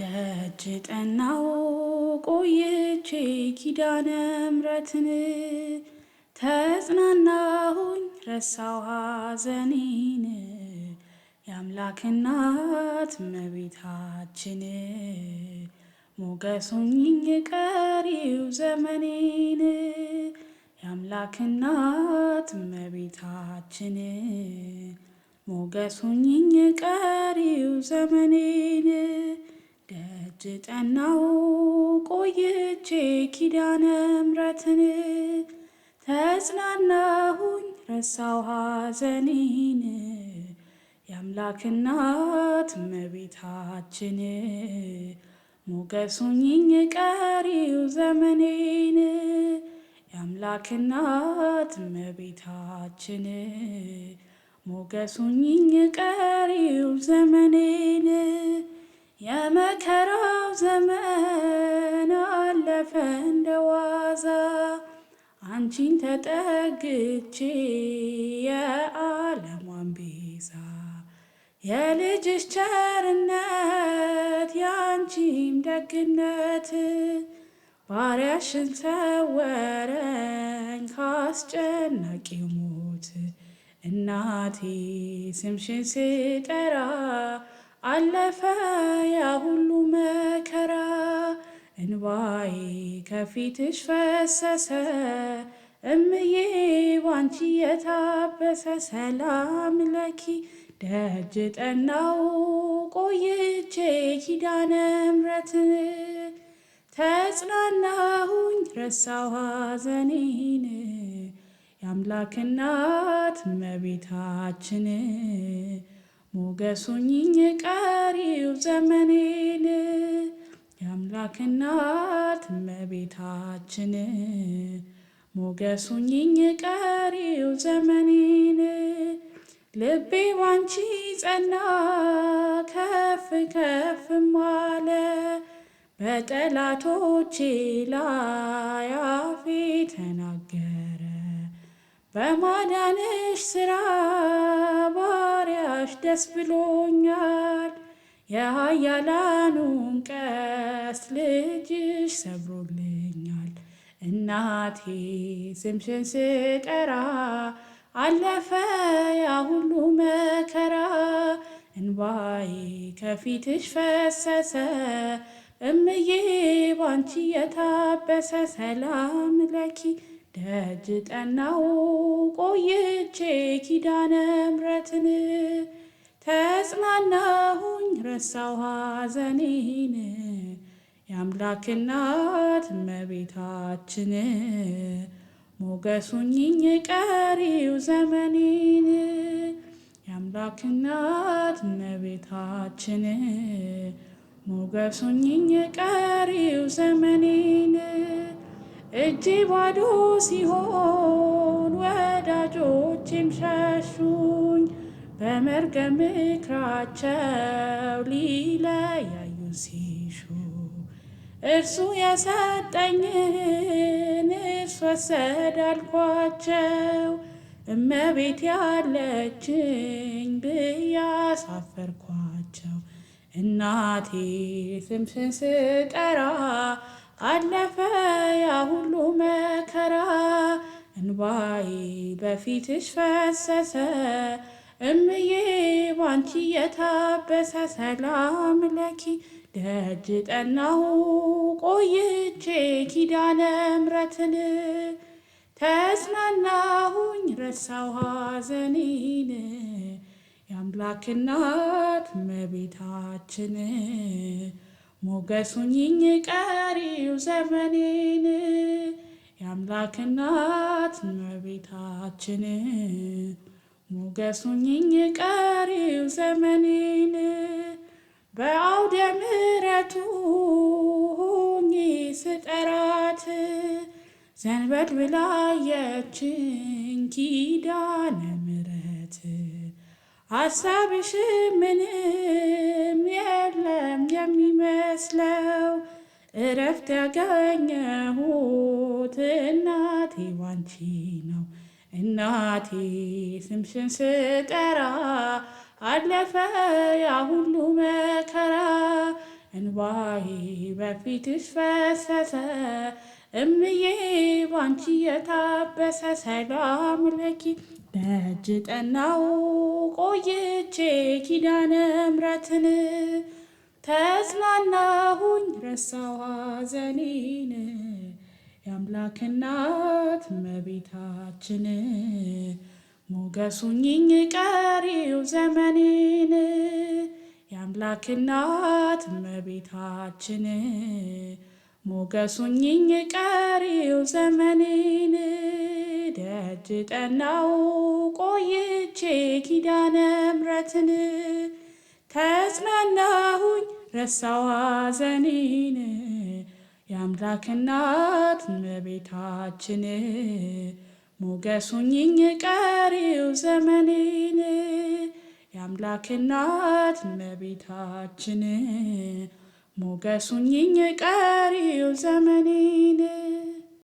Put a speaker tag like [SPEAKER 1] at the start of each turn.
[SPEAKER 1] ደጅ ጠናው ቆይቼ ኪዳነ ምሕረትን ተጽናናሁኝ ረሳው ሐዘኔን የአምላክናት እመቤታችን ሞገሱኝ ቀሪው ዘመኔን የአምላክናት እመቤታችን ሞገሱኝ ቀሪው ዘመኔን ደጅ ጠናው ቆይቼ ኪዳነ ምሕረትን ተጽናናሁኝ ረሳው ሐዘኔን የአምላክ እናት እመቤታችን ሞገስ ቀሪው ዘመኔን የአምላክ እናት እመቤታችን ሞገስ ሁኚኝ ቀሪው ዘመኔ መዓዛ አንቺን ተጠግቼ የዓለሟን ቤዛ የልጅሽ ቸርነት የአንቺም ደግነት ባሪያሽን ሰወረኝ ካስጨናቂ ሞት። እናቴ ስምሽን ስጠራ አለፈ ያ ሁሉ መከራ እንባዬ ከፊትሽ ፈሰሰ እምዬ ዋንቺ የታበሰ ሰላም ለኪ ደጅ ጠናው ቆይቼ ኪዳነ ምሕረት ተጽናናሁኝ ረሳው ሐዘኔን የአምላክናት እመቤታችን ሞገሱኝኝ ቀሪው ዘመኔን የአምላክ እናት እመቤታችን ሞገሱኝኝ ቀሪው ዘመኔን ልቤ ባንቺ ጸና ከፍ ከፍ ማለ በጠላቶቼ ላይ አፌ ተናገረ በማዳንሽ ስራ ባሪያሽ ደስ ብሎኛል። የኃያላኑን ቀስት ልጅሽ ሰብሮልኛል። እናቴ ስምሽን ስጠራ አለፈ ያ ሁሉ መከራ። እንባዬ ከፊትሽ ፈሰሰ እምዬ ባንቺ የታበሰ። ሰላም ለኪ ደጅ ጠናው ቆይቼ ኪዳነ ምሕረትን ተጽናናሁኝ ረሳው ሐዘኔን የአምላክ እናት እመቤታችን ሞገሱኝኝ ቀሪው ዘመኔን የአምላክ እናት እመቤታችን ሞገሱኝኝ ቀሪው ዘመኔን እጅ ባዶ ሲሆን ወዳጆችም ሸሹ በመርገም ምክራቸው ሊለያዩ ሲሹ እርሱ የሰጠኝን እርሱ ወሰደ አልኳቸው። እመቤት ያለችኝ ብያሳፈርኳቸው። እናቴ ስምሽን ስጠራ አለፈ ያ ሁሉ መከራ። እንባዬ በፊትሽ ፈሰሰ እምዬ ባንቺ የታበሰ ሰላም ለኪ ደጅ ጠናሁ ቆይቼ ኪዳነ ምሕረትን ተስናናሁኝ ረሳው ሐዘኔን የአምላክ እናት እመቤታችን ሞገሱኝኝ ቀሪው ዘመኔን የአምላክ እናት እመቤታችን ሞገሱኝኝ ቀሪው ዘመኔን በአውደ ምሕረቱ ሁኝ ስጠራት ዘንበድ ብላየችኝ ኪዳነ ምሕረት አሳብሽ ምንም የለም የሚመስለው እረፍት ያገኘሁት እናቴ ባንቺ ነው። እናቴ ስምሽን ስጠራ አለፈ ያ ሁሉ መከራ፣ እንባዬ በፊትሽ ፈሰሰ እምዬ ባንቺ የታበሰ። ሰላም ለኪ ደጅ ጠናው ቆይቼ ኪዳነ ምሕረትን ተጽናናሁኝ ረሳው ሐዘኔን አምላክ እናት እመቤታችን ሞገሱኝኝ ቀሪው ዘመኔን የአምላክ እናት እመቤታችን ሞገሱኝኝ ቀሪው ዘመኔን ደጅ ጠናው ቆይቼ ኪዳነ ምሕረትን ተጽናናሁኝ ረሳዋ ዘኔን የአምላክ እናት እመቤታችን ሞገሱኝኝ ቀሪው ዘመኔን የአምላክ እናት እመቤታችን ሞገሱኝኝ ቀሪው ዘመኔን